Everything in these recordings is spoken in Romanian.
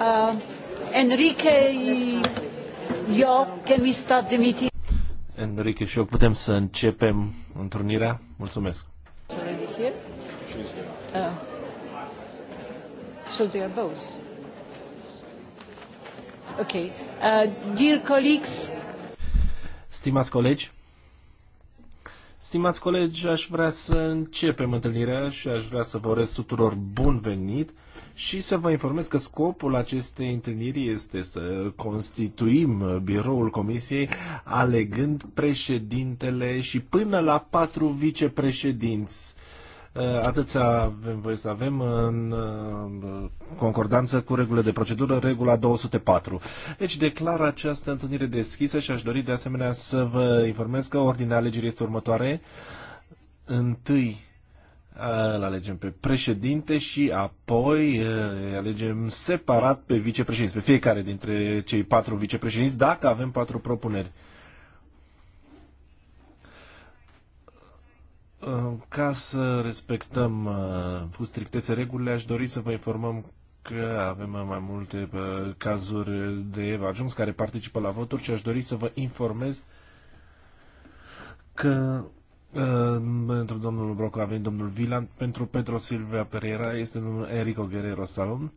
Uh, Enrique, eu, can we start the meeting? Enrique și eu putem să începem întrunirea? Mulțumesc. Uh, so they are both. Okay. Uh, dear colleagues. Stimați colegi, Stimați colegi, aș vrea să începem întâlnirea și aș vrea să vă urez tuturor bun venit și să vă informez că scopul acestei întâlniri este să constituim biroul comisiei alegând președintele și până la patru vicepreședinți Eh, atâția avem voie să avem în eh, concordanță cu regulile de procedură, regula 204. Deci declar această întâlnire deschisă și aș dori de asemenea să vă informez că ordinea alegerii este următoare. Întâi eh, îl alegem pe președinte și apoi îl alegem separat pe vicepreședinți, pe fiecare dintre cei patru vicepreședinți, dacă avem patru propuneri. Uh, ca să respectăm uh, cu strictețe regulile, aș dori să vă informăm că avem uh, mai multe cazuri de ajuns care participă la voturi și aș dori să vă informez că pentru domnul Broco a venit domnul Vilan, pentru Pedro Silvia Pereira este domnul Enrico Guerrero Salom,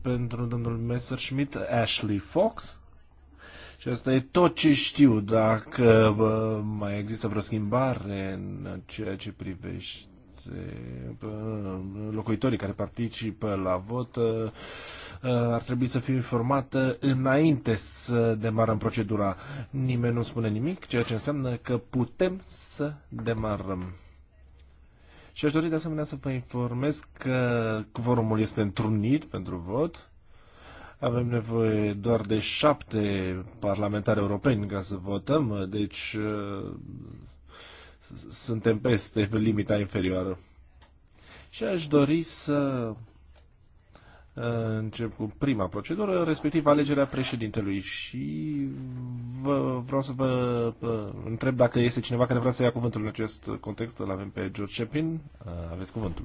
pentru domnul Messerschmidt Ashley Fox, și asta e tot ce știu. Dacă mai există vreo schimbare în ceea ce privește locuitorii care participă la vot ă, ar trebui să fie informată înainte să demarăm procedura. Nimeni nu spune nimic, ceea ce înseamnă că putem să demarăm. Și aș dori de asemenea să vă informez că quorumul este întrunit pentru vot avem nevoie doar de șapte parlamentari europeni ca să votăm, deci uh, suntem peste limita inferioară. Și aș dori să uh, încep cu prima procedură, respectiv alegerea președintelui. Și vă, vreau să vă uh, întreb dacă este cineva care vrea să ia cuvântul în acest context. Îl avem pe George Shepin. Aveți cuvântul.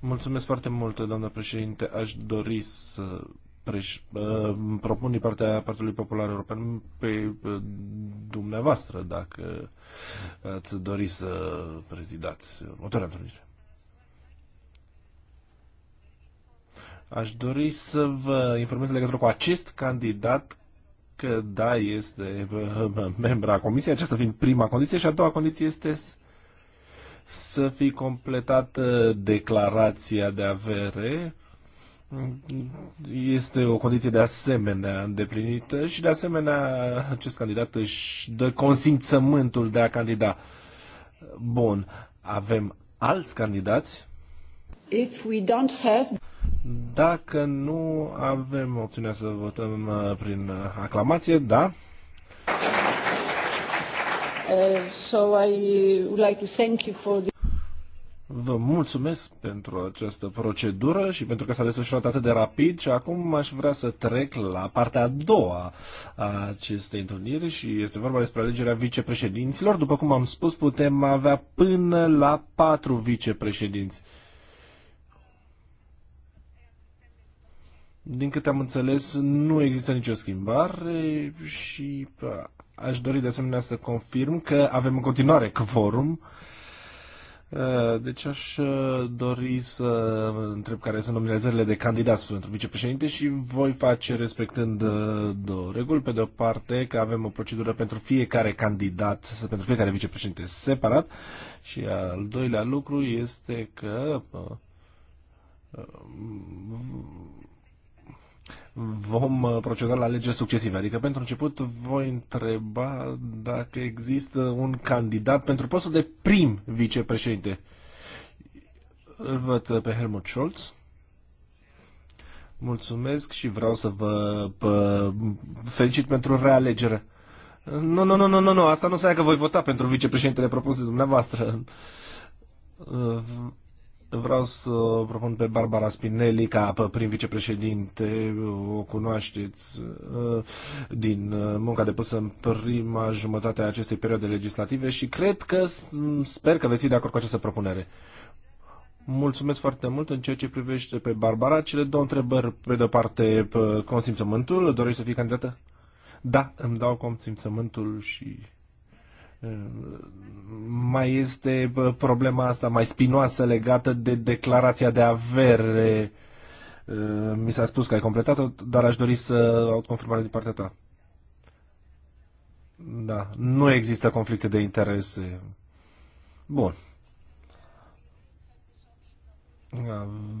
Mulțumesc foarte mult, doamnă președinte. Aș dori să deci, uh, propun din partea Partidului Popular European pe uh, dumneavoastră, dacă ați dori să prezidați următoarea întâlnire. Aș dori să vă informez legătură cu acest candidat că da, este uh, membra comisiei, aceasta fiind prima condiție și a doua condiție este să fi completat declarația de avere este o condiție de asemenea îndeplinită și de asemenea acest candidat își dă consimțământul de a candida. Bun, avem alți candidați? If we don't have... Dacă nu avem opțiunea să votăm uh, prin aclamație, da? Uh, so I would like to thank you for the... Vă mulțumesc pentru această procedură și pentru că s-a desfășurat atât de rapid și acum aș vrea să trec la partea a doua a acestei întâlniri și este vorba despre alegerea vicepreședinților. După cum am spus, putem avea până la patru vicepreședinți. Din câte am înțeles, nu există nicio schimbare și uh, aș dori de asemenea să confirm că avem în continuare quorum. Uh, deci aș uh, dori să întreb care sunt nominalizările de candidați pentru vicepreședinte și voi face respectând uh, două reguli. Pe de o parte că avem o procedură pentru fiecare candidat, pentru fiecare vicepreședinte separat și al doilea lucru este că vom uh, proceda la alegeri succesive. Adică, pentru început, voi întreba dacă există un candidat pentru postul de prim vicepreședinte. Îl văd pe Helmut Scholz. Mulțumesc și vreau să vă felicit pentru realegere. Nu, nu, nu, nu, nu, nu, asta nu înseamnă că voi vota pentru vicepreședintele propus de dumneavoastră. Uh, Vreau să propun pe Barbara Spinelli ca prim vicepreședinte, o cunoașteți uh, din uh, munca depusă în prima jumătate a acestei perioade legislative și cred că, sper că veți fi de acord cu această propunere. Mulțumesc foarte mult în ceea ce privește pe Barbara. Cele două întrebări, pe de-o parte, consimțământul, dorești să fii candidată? Da, îmi dau consimțământul și mai este problema asta mai spinoasă legată de declarația de avere. Uh, mi s-a spus că ai completat-o, dar aș dori să au confirmare din partea ta. Da, nu există conflicte de interese. Bun.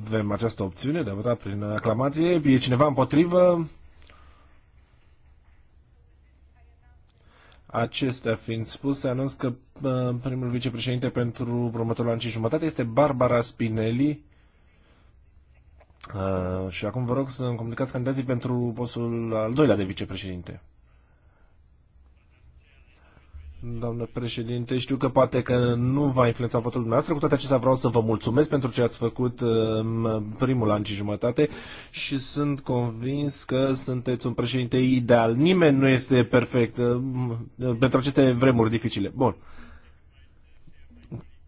Avem această opțiune de a vota prin aclamație. E cineva împotrivă? Acestea fiind spuse, anunț că primul vicepreședinte pentru următorul an și jumătate este Barbara Spinelli. Uh, și acum vă rog să-mi comunicați candidații pentru postul al doilea de vicepreședinte. doamnă președinte. Știu că poate că nu va influența votul dumneavoastră. Cu toate acestea vreau să vă mulțumesc pentru ce ați făcut în primul an și jumătate și sunt convins că sunteți un președinte ideal. Nimeni nu este perfect uh, pentru aceste vremuri dificile. Bun.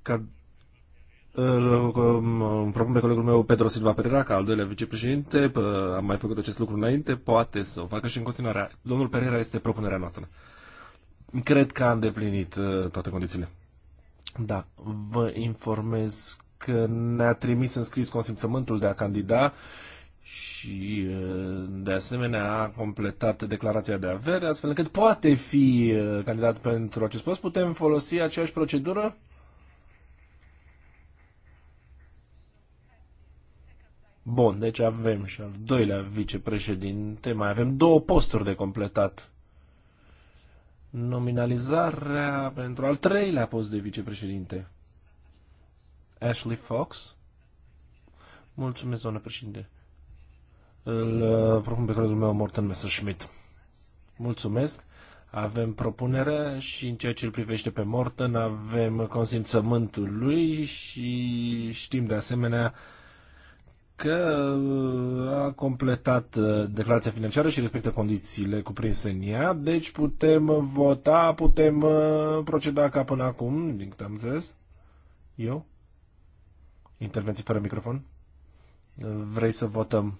Ca uh, um, propun pe colegul meu Pedro Silva Pereira ca al doilea vicepreședinte, uh, am mai făcut acest lucru înainte, poate să o facă și în continuare. Domnul Pereira este propunerea noastră cred că a îndeplinit uh, toate condițiile. Da, vă informez că ne-a trimis în scris consimțământul de a candida și uh, de asemenea a completat declarația de avere, astfel încât poate fi uh, candidat pentru acest post. Putem folosi aceeași procedură? Bun, deci avem și al doilea vicepreședinte, mai avem două posturi de completat nominalizarea pentru al treilea post de vicepreședinte. Ashley Fox. Mulțumesc, doamnă președinte. Îl uh, propun pe colegul meu, Morten Messerschmidt. Mulțumesc. Avem propunere și în ceea ce îl privește pe Morten avem consimțământul lui și știm de asemenea uh, că uh, a completat uh, declarația financiară și respectă condițiile cuprinse în ea, deci putem vota, putem uh, proceda ca până acum, din câte am zis, Eu? Intervenții fără microfon? Vrei să votăm?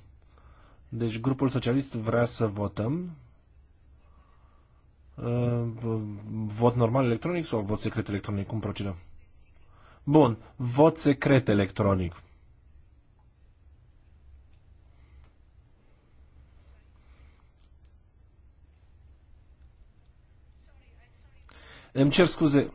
Deci grupul socialist vrea să votăm. Vot normal electronic sau vot secret electronic? Cum procedăm? Bun, vot secret electronic. Îmi cer scuze.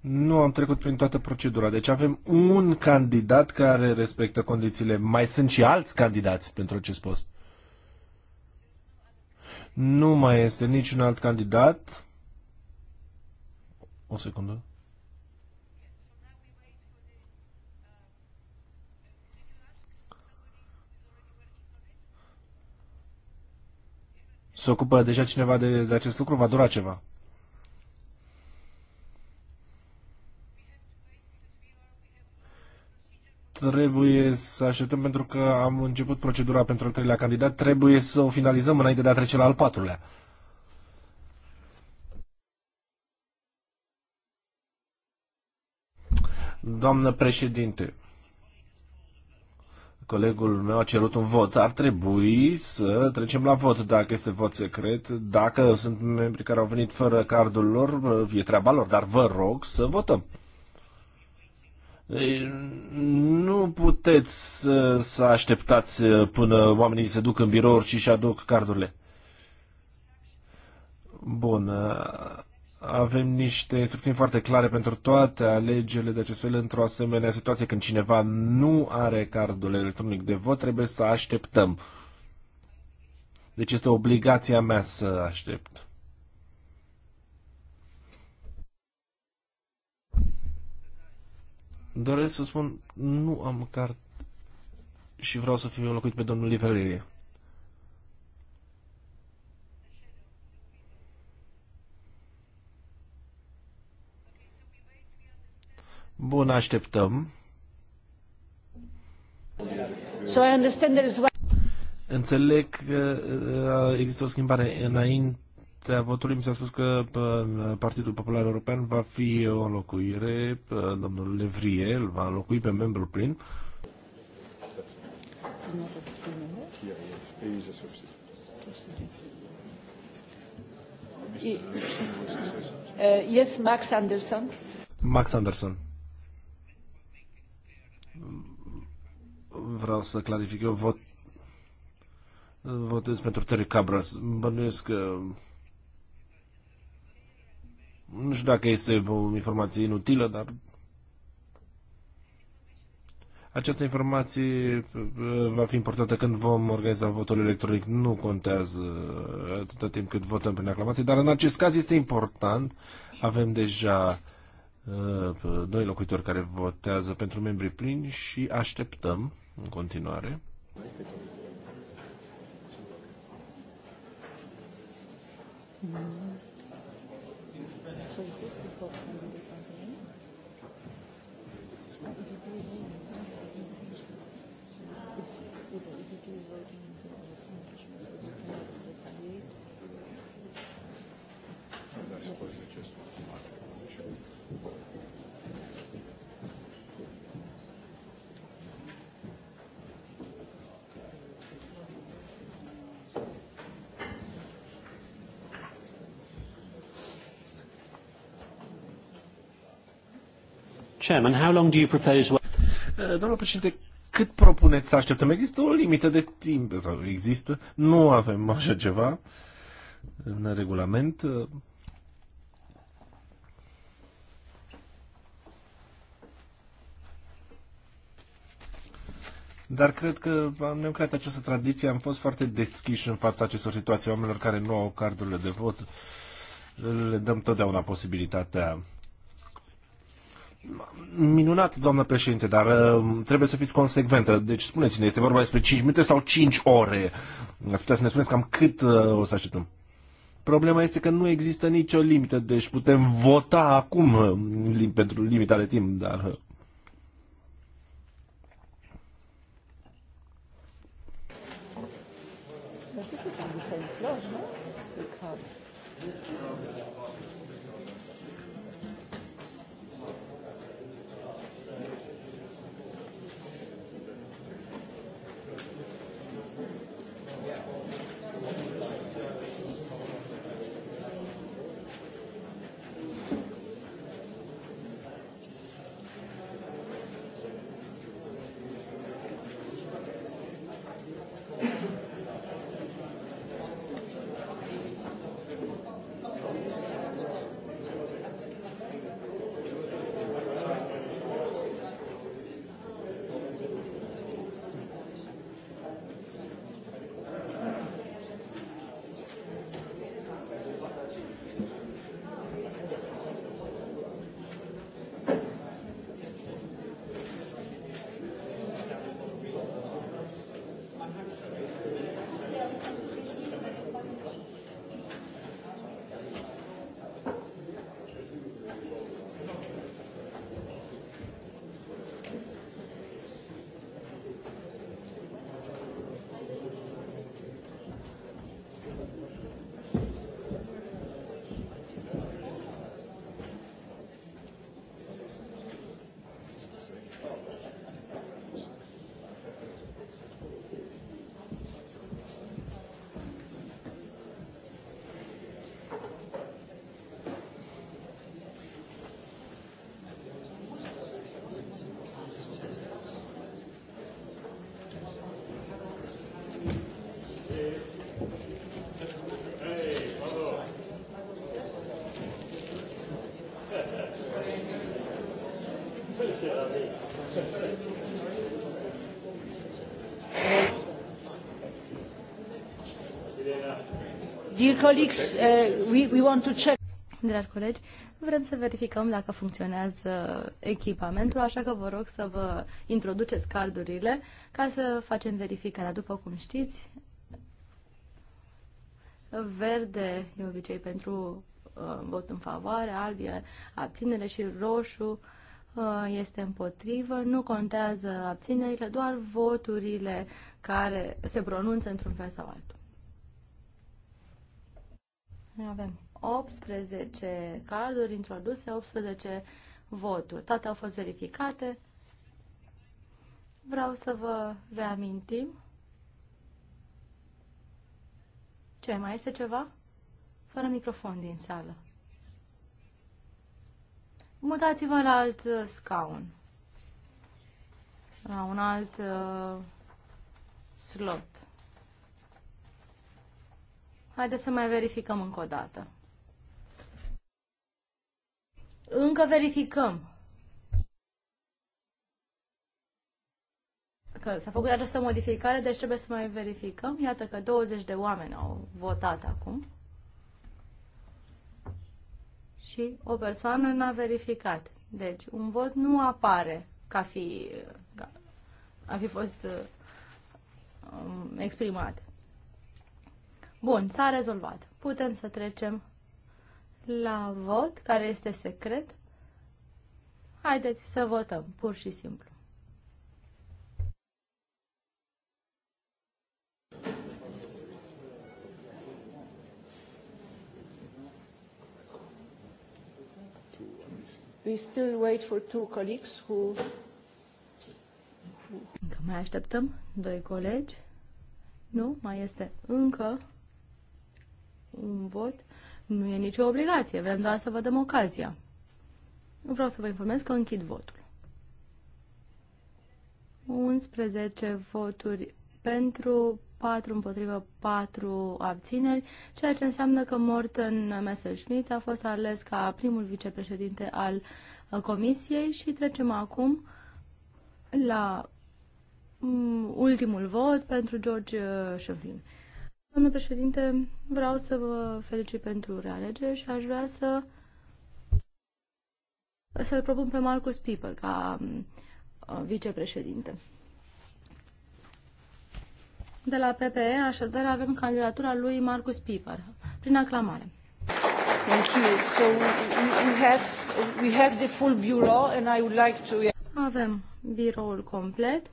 Nu am trecut prin toată procedura. Deci avem un candidat care respectă condițiile. Mai sunt și alți candidați pentru acest post. Nu mai este niciun alt candidat. O secundă. Se ocupă deja cineva de, de acest lucru? Va dura ceva. trebuie să așteptăm pentru că am început procedura pentru al treilea candidat, trebuie să o finalizăm înainte de a trece la al patrulea. Doamnă președinte, colegul meu a cerut un vot. Ar trebui să trecem la vot, dacă este vot secret. Dacă sunt membri care au venit fără cardul lor, e treaba lor, dar vă rog să votăm. Nu puteți să, așteptați uh, până oamenii se duc în birouri și își aduc cardurile. Bun. Uh, avem niște instrucțiuni foarte clare pentru toate alegerile de acest fel într-o asemenea situație când cineva nu are cardul electronic de vot, trebuie să așteptăm. Deci este obligația mea să aștept. Doresc să spun, nu am cart și vreau să fiu înlocuit pe domnul Livelirie. Bun, așteptăm. So I understand there is... Înțeleg că uh, există o schimbare înainte te votului mi s-a spus că Partidul Popular European va fi o înlocuire, domnul Levrie îl va înlocui pe membrul prim. Yes, Max Anderson. Max Anderson. Vreau să clarific eu vot votez pentru Terry Cabras. Bănuiesc că nu știu dacă este o informație inutilă, dar această informație uh, va fi importantă când vom organiza votul electronic. Nu contează atâta timp cât votăm prin aclamație, dar în acest caz este important. Avem deja uh, doi locuitori care votează pentru membrii plini și așteptăm în continuare. Mm-hmm so you post the first one, you Chairman, how long do you propose... Eh, Domnul președinte, cât propuneți să așteptăm? Există o limită de timp sau există? Nu avem așa ceva în regulament. Eh, dar cred că ne-am creat această tradiție, am fost foarte deschiși în fața acestor situații, oamenilor care nu au cardurile de vot, le dăm totdeauna posibilitatea Minunat, doamnă președinte, dar uh, trebuie să fiți consecventă. Deci spuneți-ne, este vorba despre 5 minute sau 5 ore? Ați putea să ne spuneți cam cât uh, o să așteptăm? Problema este că nu există nicio limită, deci putem vota acum uh, pentru limita de timp, dar Dear uh, colegi, vrem să verificăm dacă funcționează echipamentul, așa că vă rog să vă introduceți cardurile ca să facem verificarea. După cum știți, verde e obicei pentru uh, vot în favoare, alb e abținere și roșu uh, este împotrivă. Nu contează abținerile, doar voturile care se pronunță într-un fel sau altul. Avem 18 carduri introduse, 18 voturi. Toate au fost verificate. Vreau să vă reamintim. Ce, mai este ceva? Fără microfon din sală. Mutați-vă la alt uh, scaun. La un alt uh, slot. Haideți să mai verificăm încă o dată. Încă verificăm. Că s-a făcut această modificare, deci trebuie să mai verificăm. Iată că 20 de oameni au votat acum. Și o persoană n-a verificat. Deci, un vot nu apare ca fi, ca a fi fost uh, um, exprimat. Bun, s-a rezolvat. Putem să trecem la vot, care este secret. Haideți să votăm, pur și simplu. We still wait for two colleagues who... Încă mai așteptăm doi colegi. Nu, mai este încă un vot, nu e nicio obligație, vrem doar să vă dăm ocazia. Vreau să vă informez că închid votul. 11 voturi pentru, 4 împotrivă, 4 abțineri, ceea ce înseamnă că Morten Messerschmidt a fost ales ca primul vicepreședinte al uh, comisiei și trecem acum la mm, ultimul vot pentru George uh, Șeflin. Domnule președinte, vreau să vă felicit pentru realegere și aș vrea să să-l propun pe Marcus Piper ca uh, vicepreședinte. De la PPE, așadar, avem candidatura lui Marcus Piper, prin aclamare. Thank you. So we have, we have the full bureau and I would like to... Avem biroul complet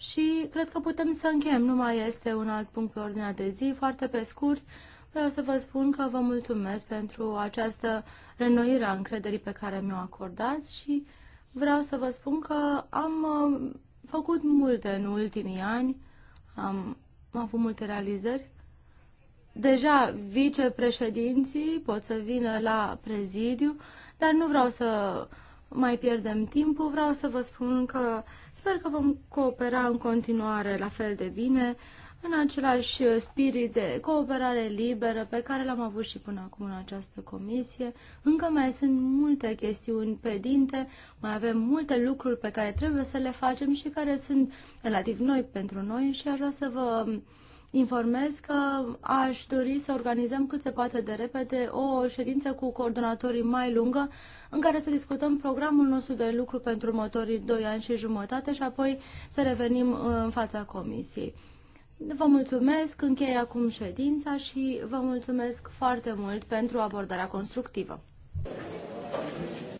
și cred că putem să încheiem. Nu mai este un alt punct pe ordinea de zi. Foarte pe scurt, vreau să vă spun că vă mulțumesc pentru această renoire a încrederii pe care mi-o acordați și vreau să vă spun că am uh, făcut multe în ultimii ani, am, am avut multe realizări. Deja vicepreședinții pot să vină la prezidiu, dar nu vreau să mai pierdem timpul, vreau să vă spun că sper că vom coopera în continuare la fel de bine, în același spirit de cooperare liberă pe care l-am avut și până acum în această comisie. Încă mai sunt multe chestiuni pedinte, mai avem multe lucruri pe care trebuie să le facem și care sunt relativ noi pentru noi și aș vrea să vă informez că aș dori să organizăm cât se poate de repede o ședință cu coordonatorii mai lungă în care să discutăm programul nostru de lucru pentru următorii 2 ani și jumătate și apoi să revenim uh, în fața comisiei. Vă mulțumesc, închei acum ședința și vă mulțumesc foarte mult pentru abordarea constructivă.